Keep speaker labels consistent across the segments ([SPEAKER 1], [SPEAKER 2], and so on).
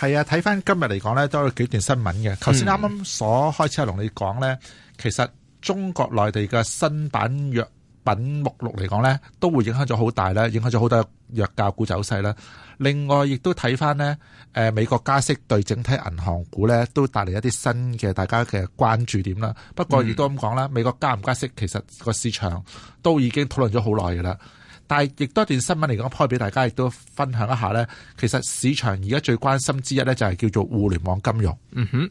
[SPEAKER 1] 係啊，睇翻今日嚟講呢，都有幾段新聞嘅。頭先啱啱所開始係同你講呢，嗯，其實中國內地嘅新版藥品目錄嚟講呢，都會影響咗好大啦，影響咗好多藥價股走勢啦。另外亦都睇翻呢，誒，美國加息對整體銀行股呢，都帶嚟一啲新嘅大家嘅關注點啦。不過亦都咁講啦，美國加唔加息，其實個市場都已經討論咗好耐噶啦。但係，亦多一段新聞嚟講，開俾大家，亦都分享一下咧。其實市場而家最關心之一咧，就係叫做互聯網金融，
[SPEAKER 2] 嗯哼，
[SPEAKER 1] 誒、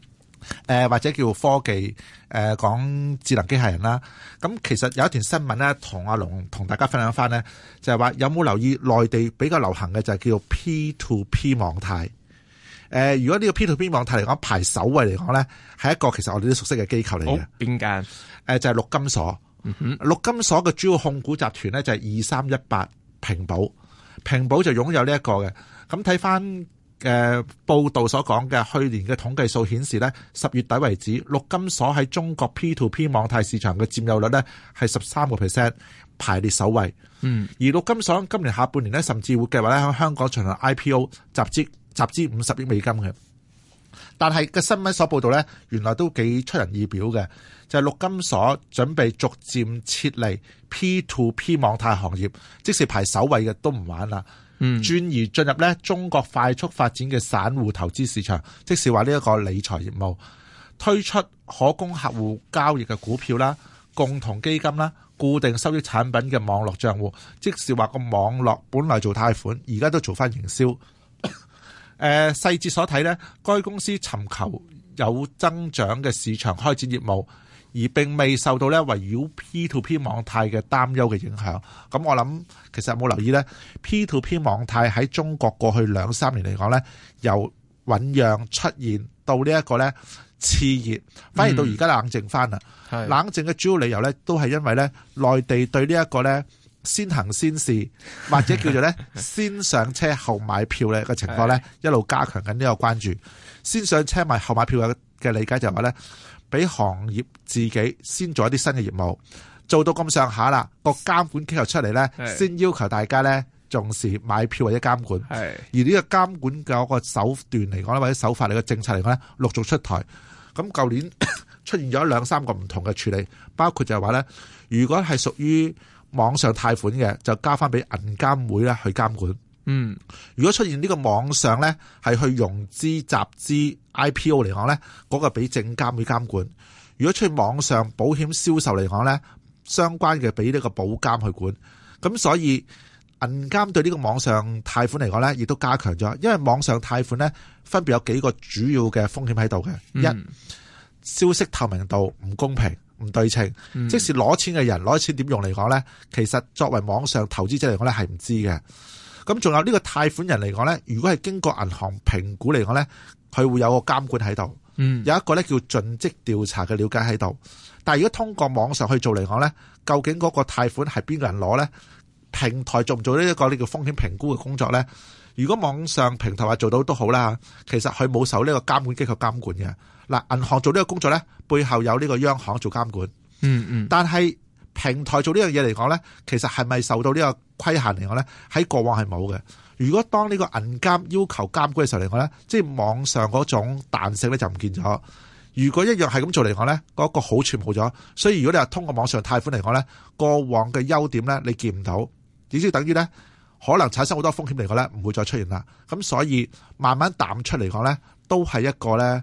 [SPEAKER 1] 呃、或者叫科技，誒、呃、講智能機械人啦。咁其實有一段新聞咧，唐阿龍同大家分享翻咧，就係、是、話有冇留意內地比較流行嘅就係叫做 P to P 網貸。誒、呃，如果呢個 P to P 網貸嚟講排首位嚟講咧，係一個其實我哋都熟悉嘅機構嚟嘅、哦。邊間？誒、呃，就係、是、陸金所。嗯哼，陸金所嘅主要控股集團呢就係二三一八平保，平保就擁有呢一個嘅。咁睇翻誒報道所講嘅，去年嘅統計數顯示呢，十月底為止，陸金所喺中國 P two P 網貸市場嘅占有率呢係十三個 percent，排列首位。嗯、mm-hmm.，而陸金所今年下半年呢，甚至會計劃咧喺香港進行 I P O 集資，集資五十億美金嘅。但係個新聞所報道呢，原來都幾出人意表嘅，就係、是、陸金所準備逐漸撤離 P2P 網貸行業，即使排首位嘅都唔玩啦，嗯，轉而進入呢中國快速發展嘅散戶投資市場，即係話呢一個理財業務推出可供客戶交易嘅股票啦，共同基金啦，固定收益產品嘅網絡賬戶，即係話個網絡本來做貸款，而家都做翻營銷。誒細節所睇呢，該公司尋求有增長嘅市場開展業務，而並未受到呢圍繞 P to P 網貸嘅擔憂嘅影響。咁我諗其實有冇留意呢 P to P 網貸喺中國過去兩三年嚟講呢，由醞釀出現到呢一個呢熾熱，反而到而家冷靜翻啦、嗯。冷靜嘅主要理由呢，都係因為呢內地對呢、這、一個呢。先行先試，或者叫做咧，先上車後買票咧個情況咧，一路加強緊呢個關注。先上車買後買票嘅嘅理解就係話咧，俾行業自己先做一啲新嘅業務，做到咁上下啦。個監管機構出嚟，咧，先要求大家咧重視買票或者監管。係而呢個監管嘅個手段嚟講咧，或者手法嚟嘅政策嚟講咧，陸續出台。咁舊年 出現咗兩三個唔同嘅處理，包括就係話咧，如果係屬於。網上貸款嘅就交翻俾銀監會咧去監管。嗯，如果出現呢個網上呢，係去融資集資 IPO 嚟講呢，嗰個俾證監會監管；如果出現網上保險銷售嚟講呢，相關嘅俾呢個保監去管。咁所以銀監對呢個網上貸款嚟講呢，亦都加強咗，因為網上貸款呢，分別有幾個主要嘅風險喺度嘅。一，消息透明度唔公平。唔對稱，即使攞錢嘅人攞錢點用嚟講呢？其實作為網上投資者嚟講呢，係唔知嘅。咁仲有呢個貸款人嚟講呢，如果係經過銀行評估嚟講呢，佢會有個監管喺度，有一個呢叫盡職調查嘅了解喺度。但係如果通過網上去做嚟講呢，究竟嗰個貸款係邊個人攞呢？平台做唔做呢一個呢個風險評估嘅工作呢？如果網上平台話做到都好啦，其實佢冇受呢個監管機構監管嘅。嗱，銀行做呢個工作呢，背後有呢個央行做監管，嗯嗯。但係平台做呢樣嘢嚟講呢，其實係咪受到呢個規限嚟講呢？喺過往係冇嘅。如果當呢個銀監要求監管嘅時候嚟講呢，即係網上嗰種彈性呢就唔見咗。如果一樣係咁做嚟講呢，嗰個好處冇咗。所以如果你話通過網上貸款嚟講呢，過往嘅優點呢，你見唔到，點知等於呢，可能產生好多風險嚟講呢，唔會再出現啦。咁所以慢慢淡
[SPEAKER 2] 出嚟講呢，都係一個呢。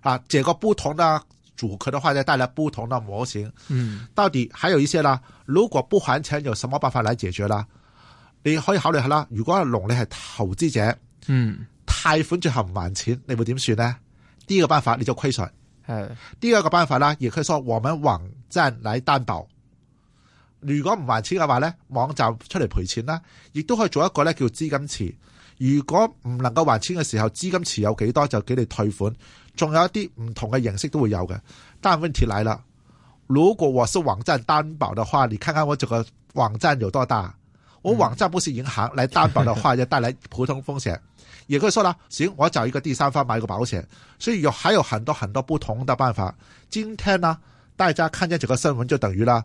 [SPEAKER 1] 啊，幾、這個不同的組合的話呢，就帶來不同的模型。嗯，到底還有一些呢？如果不還錢，有什麼辦法來解決啦？你可以考慮下啦。如果阿龍，你係投資者，
[SPEAKER 2] 嗯，
[SPEAKER 1] 貸款最後唔還錢，你會點算呢？第一個辦法你就虧損。係第二個辦法啦，亦可以說我哋網站嚟擔保。如果唔還錢嘅話咧，網站出嚟賠錢啦，亦都可以做一個咧叫資金池。如果唔能夠還清嘅時候，資金持有幾多就給你退款，仲有一啲唔同嘅形式都會有嘅。但問題來啦，如果我是網站擔保的話，你看看我這個網站有多大，我網站不是銀行來擔保的話，就帶來普通風險。 也可以說啦行，我找一個第三方買個保險，所以有還有很多很多不同的辦法。今天呢，大家看見這個新聞就等於啦。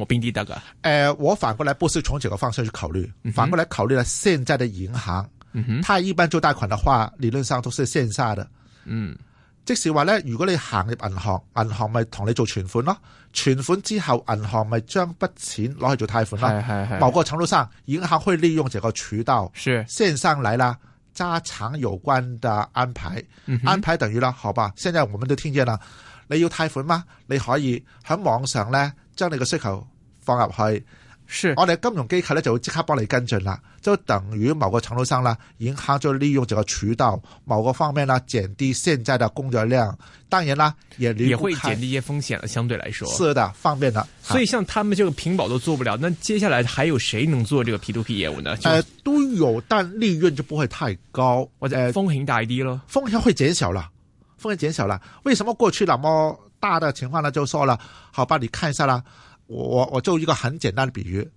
[SPEAKER 2] 我邊啲得噶？
[SPEAKER 1] 誒、呃，我反過來不是從這個方向去考慮，反過來考慮了現在的銀行，嗯，他一般做貸款的話，理論上都是線下的，嗯，即使話咧，如果你行入銀行，銀行咪同你做存款咯。存款之後，銀行咪將筆錢攞去做貸款咯。係係係。某個程度上，銀行會利用這個渠道，是線上來啦，加強有關的安排。嗯、安排等於啦，好吧。現在我們都聽見啦。你要貸款嗎？你可以喺網上咧，將你嘅需求。放入去，我哋金融機構呢，就會即刻幫你跟進啦。就等於某個程度上呢，銀行就利用住個渠道，某個方面呢，減低現在的工作量。當然啦，也也會減
[SPEAKER 2] 低一些風險啦。相對來說，是的，
[SPEAKER 1] 方便啦。所以，
[SPEAKER 2] 像他們這個平保都做不了，那接下來還有誰能做這個 P2P 業務呢？誒，
[SPEAKER 1] 都有，但利潤就不會太高。或者風險大一啲咯，風險會減小啦，風險減小啦。為什麼過去那麼大的情況呢？就說了，好吧，你看一下啦。我我就一個很簡單的比喻，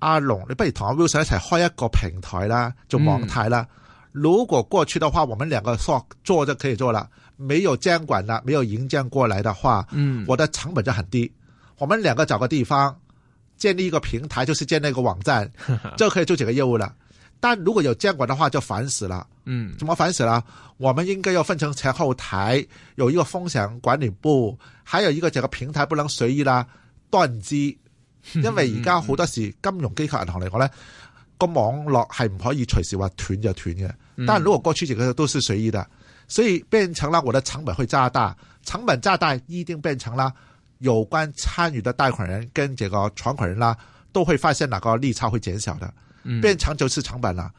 [SPEAKER 1] 阿龍，你不如同阿 Wilson 一齊開一個平台啦，做網台啦、嗯。如果過去的話，我們兩個做做就可以做了。沒有監管啦，沒有營建過來的話，我的成本就很低。嗯、我們兩個找個地方建立一個平台，就是建立一個網站，就可以做幾個業務了。但如果有監管的話，就煩死了。嗯，怎麼煩死了？我們應該要分成前後台，有一個風險管理部，還有一個整個平台不能隨意啦。斷機，因為而家好多時、嗯，金融機構、銀行嚟講呢個網絡係唔可以隨時話斷就斷嘅。但如果過去幾個月都是隨意的，所以變成了我的成本會加大，成本加大一定變成了有關參與的貸款人跟這個存款人啦，都會發現那個利差會減少的，變成就是成本啦。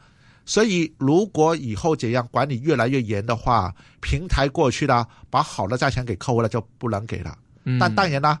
[SPEAKER 1] 所以如果以後這樣管理越來越嚴的話，平台過去啦把好的價錢給客戶了就不能給
[SPEAKER 2] 了。但當然啦。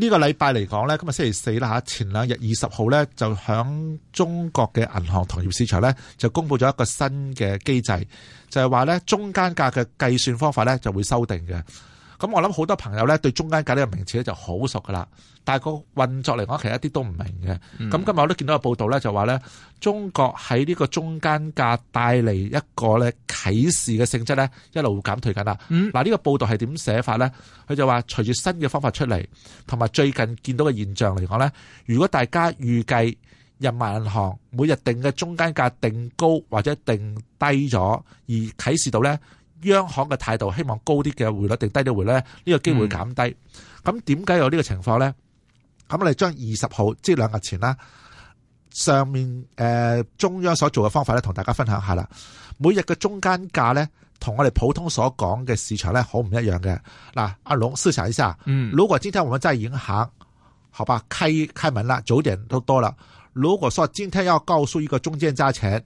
[SPEAKER 2] 呢個禮拜嚟講呢，今日星期四啦嚇，前兩日二十號呢，就響中國嘅
[SPEAKER 1] 銀行同業市場呢，就公布咗一個新嘅機制，就係話呢中間價嘅計算方法呢就會修訂嘅。咁我諗好多朋友咧對中間價呢個名詞咧就好熟噶啦，但係個運作嚟講其實一啲都唔明嘅。咁、嗯、今日我都見到個報道咧，就話咧中國喺呢個中間價帶嚟一個咧啟示嘅性質咧，一路減退緊啦。嗱、嗯、呢個報道係點寫法咧？佢就話隨住新嘅方法出嚟，同埋最近見到嘅現象嚟講咧，如果大家預計人民銀行每日定嘅中間價定高或者定低咗，而啟示到咧。央行嘅態度希望高啲嘅匯率定低啲匯率，這個嗯、呢？呢個機會減低。咁點解有呢個情況呢？咁我哋將二十號即係兩日前啦，上面誒、呃、中央所做嘅方法咧，同大家分享下啦。每日嘅中間價咧，同我哋普通所講嘅市場咧，好唔一樣嘅。嗱，阿龍思考一下，嗯。如果今天我們在銀行好吧，開開門啦，早點都多啦。如果說今天要告訴一個中間價錢，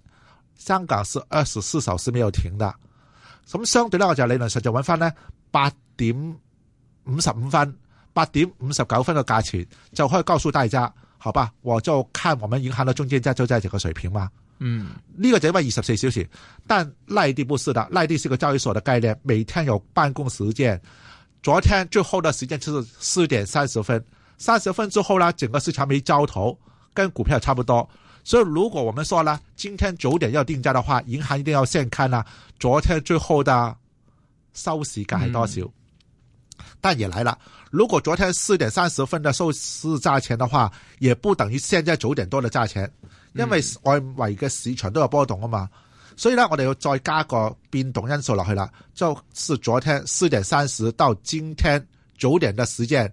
[SPEAKER 1] 香港是二十四小時沒有停的。咁相對咧，我就理論上就揾翻咧八點五十五分，八點五十九分嘅價錢，就可以告訴大家：「好吧，我就看我們銀行嘅中間價，就在這個水平嘛。」嗯，呢、這個就因為二十四小時？但內地不是的，內地是個交易所嘅概念，每天有辦公時間。昨天最後嘅時間就是四點三十分，三十分之後呢，整個市場沒交投，跟股票差不多。.所以如果我們說呢，今天九點要定價的話，銀行一定要先看啦，昨天最後的收市價係多少，嗯？但也來了，如果昨天四點三十分的收市價錢的話，也不等於現在九點多的價錢，因為外圍嘅市場都有波動啊嘛。所以呢，我哋要再加個變動因素落去啦，就係，是、昨天四點三十到今天九點嘅時間。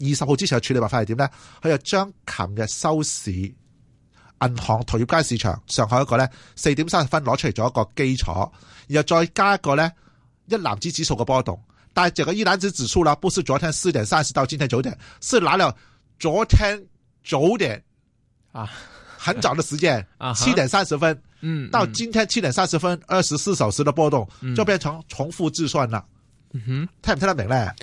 [SPEAKER 1] 二十號之前嘅處理辦法係點咧？佢就將琴日收市銀行同業間市場上海一個咧四點三十分攞出嚟做一個基礎，然後再加一個咧一籃子指數嘅波動。但係成個一籃子指數啦，不是昨天四點三十到今天九點，是拿了昨天九點，早點啊，很早嘅時間啊七點三十分，嗯，到今天七點三十分二十四小時嘅波動，嗯，就變成重複計算啦。嗯哼，聽唔聽得明咧？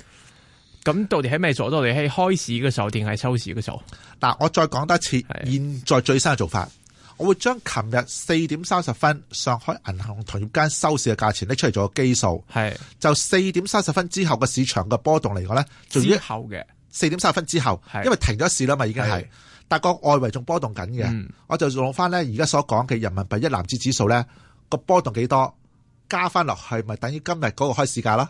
[SPEAKER 2] 咁到底係咩做到你係開市嘅時候定係收市嘅時候？嗱，我再
[SPEAKER 1] 講多一次，現在最新嘅做法，我會將琴日四點三十分上海銀行同業間收市嘅價錢拎出嚟做個基數，係就四點三十分之後嘅市場嘅波動嚟講咧，至於後嘅四點三十分之後，因為停咗市啦嘛，已經係，但係個外圍仲波動緊嘅、嗯，我就用翻咧而家所講嘅人民幣一籃子指數咧個波動幾多，加翻落去咪等於今日嗰個開市價啦。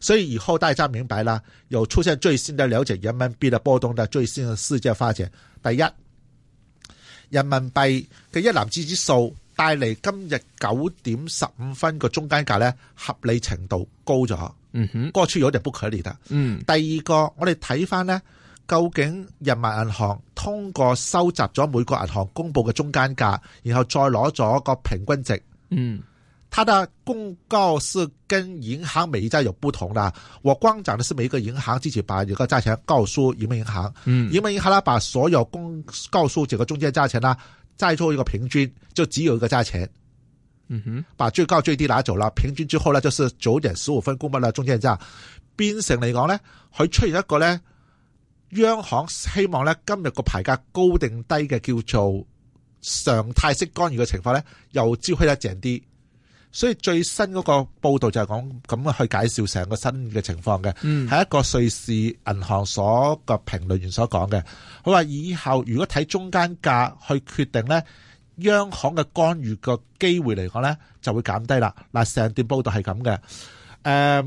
[SPEAKER 1] 所以以後大家明白了，又出現最新的了解人民幣的波動的最新的事件發展。第一，人民幣嘅一籃子指數帶嚟今日九點十五分個中間價咧，合理程度高咗。嗯哼，嗰個出咗啲 book 嗯，第二個我哋睇翻呢，究竟人民銀行通過收集咗每個銀行公布嘅中間價，然後再攞咗個平均值。嗯。他的公告是跟銀行每一家有不同的。我光講的是每一個銀行自己把一個價錢告訴人民銀行，嗯，人民銀行啦，把所有公告訴這個中間價錢啦，再做一個平均，就只有一個價錢。嗯哼，把最高最低拿走了，平均之後咧，就是九點十五分公布啦，中間價。變成嚟講呢，佢出現一個呢，央行希望呢，今日個牌價高定低嘅叫做常態式干預嘅情況呢，又只會得減低。所以最新嗰個報道就係講咁樣，去介紹成個新嘅情況嘅。係、嗯、一個瑞士銀行所個評論員所講嘅。佢話以後如果睇中間價去決定咧，央行嘅干預個機會嚟講咧，就會減低啦。嗱，成段報道係咁嘅。誒、呃，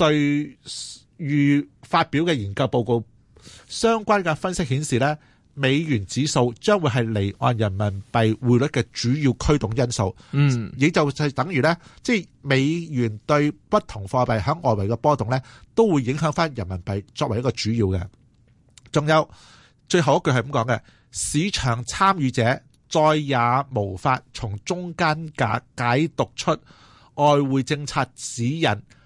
[SPEAKER 1] 瑞譽發表嘅研究報告相關嘅分析顯示咧，美元指數將會係離岸人民幣匯率嘅主要驅動因素，嗯，亦就係等於呢，即係美元對不同貨幣響外圍嘅波動呢，都會影響翻人民幣作為一個主要嘅。仲有最後一句係咁講嘅，市場參與者再也無法從中間價解讀出外匯
[SPEAKER 2] 政策指引。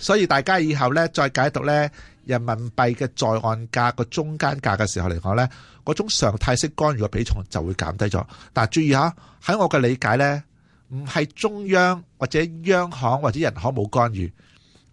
[SPEAKER 2] 所以大家以後
[SPEAKER 1] 咧，再解讀咧人民幣嘅在岸價個中間價嘅時候嚟講咧，嗰種常態式干預嘅比重就會減低咗。但注意下，喺我嘅理解咧，唔係中央或者央行或者人行冇干預。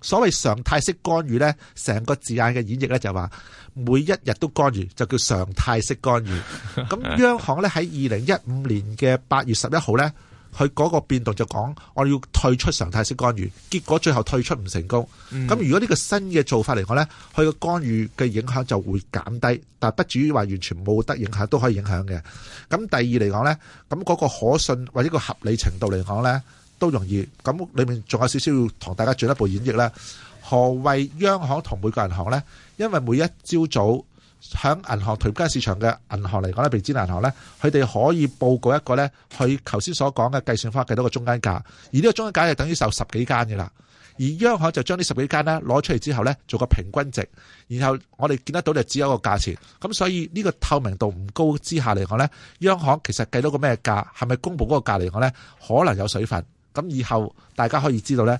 [SPEAKER 1] 所謂常態式干預咧，成個字眼嘅演繹咧就話每一日都干預，就叫常態式干預。咁央行咧喺二零一五年嘅八月十一號咧。佢嗰個變動就講，我要退出常態式干預，結果最後退出唔成功。咁如果呢個新嘅做法嚟講呢，佢嘅干預嘅影響就會減低，但係不至於話完全冇得影響，都可以影響嘅。咁第二嚟講呢，咁嗰個可信或者個合理程度嚟講呢，都容易。咁裡面仲有少少要同大家進一步演繹呢，何謂央行同每個銀行呢？因為每一朝早，喺銀行、同業間市場嘅銀行嚟講咧，備資銀行咧，佢哋可以報告一個咧，佢頭先所講嘅計算法，計到個中間價，而呢個中間價就等於受十幾間嘅啦，而央行就將呢十幾間咧攞出嚟之後咧，做個平均值，然後我哋見得到就只有一個價錢，咁所以呢個透明度唔高之下嚟講咧，央行其實計到個咩價，係咪公佈嗰個價嚟講咧，可能有水分。咁以後大家可以知道咧。